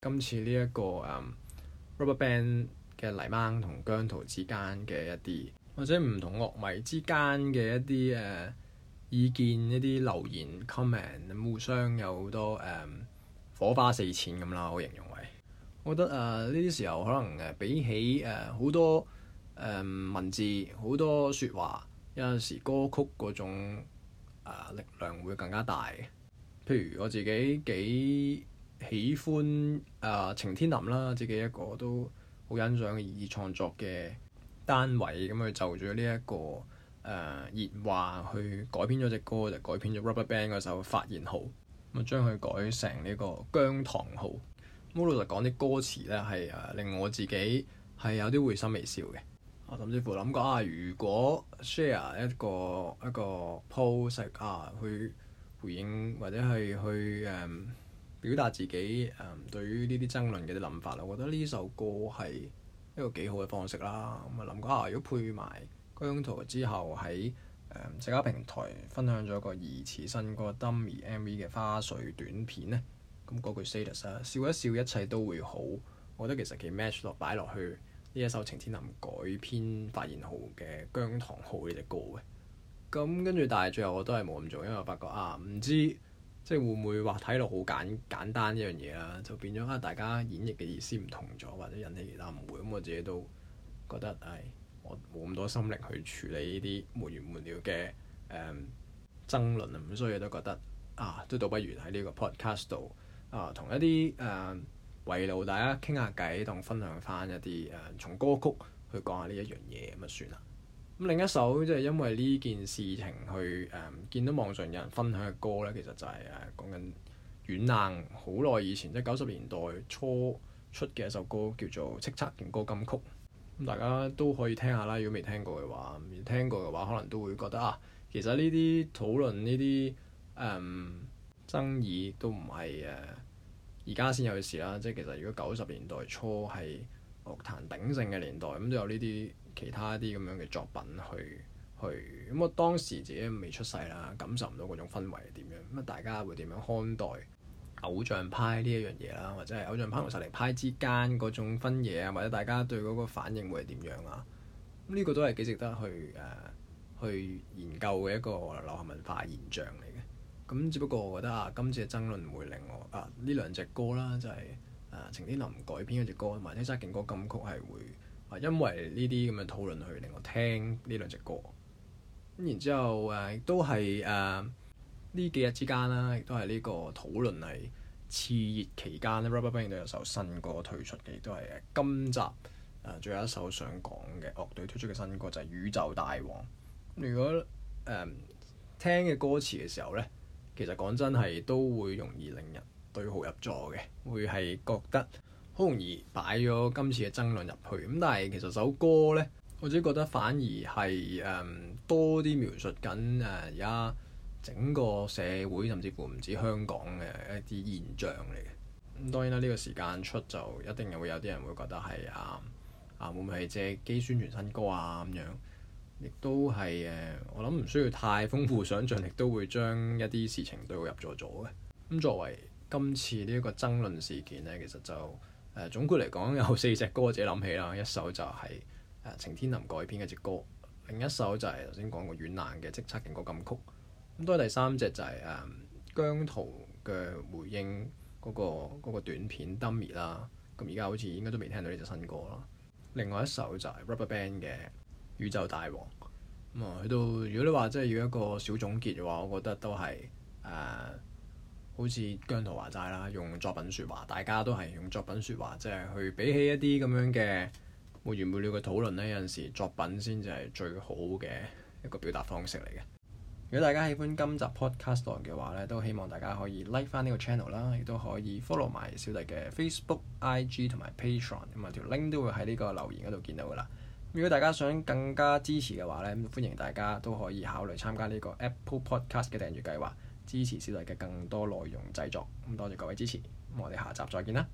今次呢、這個 um, 一個誒 RubberBand 嘅泥鯭同姜濤之間嘅一啲，或者唔同樂迷之間嘅一啲誒、uh, 意見一啲留言 comment，互相有好多誒、um, 火花四濺咁啦，我形容為。我覺得啊，呢、uh, 啲時候可能誒、uh, 比起誒好、uh, 多誒、uh, 文字好多說話，有陣時歌曲嗰種、uh, 力量會更加大。譬如我自己幾。喜歡啊！晴、呃、天林啦，自己一個都好欣賞嘅，以創作嘅單位咁佢、嗯、就咗呢一個誒熱、呃、話去改編咗隻歌，就改編咗 RubberBand 嗰首發現號，咁啊將佢改成呢個姜糖號。Model 就講啲歌詞咧係誒令我自己係有啲會心微笑嘅啊，甚至乎諗過啊，如果 share 一個一個 post 啊，去回應或者係去誒。嗯表達自己誒、嗯、對於呢啲爭論嘅啲諗法啦，我覺得呢首歌係一個幾好嘅方式啦。咁啊林家啊，如果配埋姜濤之後喺誒社交平台分享咗個疑似新歌《Dummy》MV 嘅花絮短片咧，咁、嗯、嗰句 status 啊，笑一笑一切都會好。我覺得其實幾 match 落擺落去呢一首晴天林改編發現號嘅《姜糖號》呢隻歌嘅。咁跟住，但係最後我都係冇咁做，因為我發覺啊唔知。即係會唔會話睇落好簡簡單一樣嘢啦，就變咗啊大家演繹嘅意思唔同咗，或者引起其他誤會。咁，我自己都覺得唉、哎，我冇咁多心力去處理呢啲沒完沒了嘅誒、嗯、爭論咁，所以都覺得啊都倒不如喺呢個 podcast 度啊同一啲誒圍爐大家傾下偈，同分享返一啲誒從歌曲去講下呢一樣嘢咁啊算啦～咁另一首即係、就是、因為呢件事情去誒、嗯、見到網上有人分享嘅歌呢，其實就係、是、誒、啊、講緊軟硬好耐以前，即係九十年代初出嘅一首歌，叫做《叱咤勁歌金曲》嗯。大家都可以聽下啦，如果未聽過嘅話，聽過嘅話可能都會覺得啊，其實呢啲討論呢啲誒爭議都唔係誒而家先有嘅事啦，即係其實如果九十年代初係，樂壇鼎盛嘅年代咁、嗯、都有呢啲其他啲咁樣嘅作品去去咁、嗯、我當時自己未出世啦，感受唔到嗰種氛圍係點樣咁啊？大家會點樣看待偶像派呢一樣嘢啦，或者係偶像派同實力派之間嗰種分野啊，或者大家對嗰個反應會係點樣啊？呢、嗯呢個都係幾值得去誒、呃、去研究嘅一個流行文化現象嚟嘅。咁、嗯、只不過我覺得啊，今次嘅爭論會令我啊呢兩隻歌啦、就係，就係。啊，程天、呃、林改編一隻歌，埋《天山勁歌金曲》係會，啊，因為呢啲咁嘅討論去令我聽呢兩隻歌，咁然之後誒、呃、都係誒呢幾日之間啦，亦都係呢個討論係熾熱期間咧 RubberBand 都有首新歌推出嘅，亦都係今集誒、呃、最後一首想講嘅樂隊推出嘅新歌就係、是《宇宙大王》。如果誒、呃、聽嘅歌詞嘅時候咧，其實講真係都會容易令人～對號入座嘅，會係覺得好容易擺咗今次嘅爭論入去。咁但係其實首歌呢，我自己覺得反而係誒、嗯、多啲描述緊誒而家整個社會，甚至乎唔止香港嘅一啲現象嚟嘅。咁、嗯、當然啦，呢、這個時間出就一定會有啲人會覺得係啱啊，會唔會係借機宣傳新歌啊？咁樣亦都係誒、嗯，我諗唔需要太豐富想象力，都會將一啲事情對號入座咗嘅。咁、嗯、作為，今次呢一個爭論事件呢，其實就誒、呃、總括嚟講有四隻歌自己諗起啦，一首就係誒《晴天林》改編嘅隻歌，另一首就係頭先講過軟爛嘅叱咤《勁歌金曲》，咁都係第三隻就係、是、誒、呃、姜濤嘅回應嗰、那個那個短片《Dummy》啦，咁而家好似應該都未聽到呢隻新歌啦。另外一首就係 Rubberband 嘅《宇宙大王》。咁、嗯、啊，去到如果你話真係要一個小總結嘅話，我覺得都係誒。呃好似姜濤話齋啦，用作品説話，大家都係用作品説話，即係去比起一啲咁樣嘅冇完冇了嘅討論呢，有陣時作品先至係最好嘅一個表達方式嚟嘅。如果大家喜歡今集 podcast 嘅話呢，都希望大家可以 like 翻呢個 channel 啦，亦都可以 follow 埋小弟嘅 Facebook、IG 同埋 Patreon，咁啊條 link 都會喺呢個留言嗰度見到噶啦。如果大家想更加支持嘅話呢，咁歡迎大家都可以考慮參加呢個 Apple Podcast 嘅訂閱計劃。支持小弟嘅更多內容製作，多謝各位支持，我哋下集再見啦。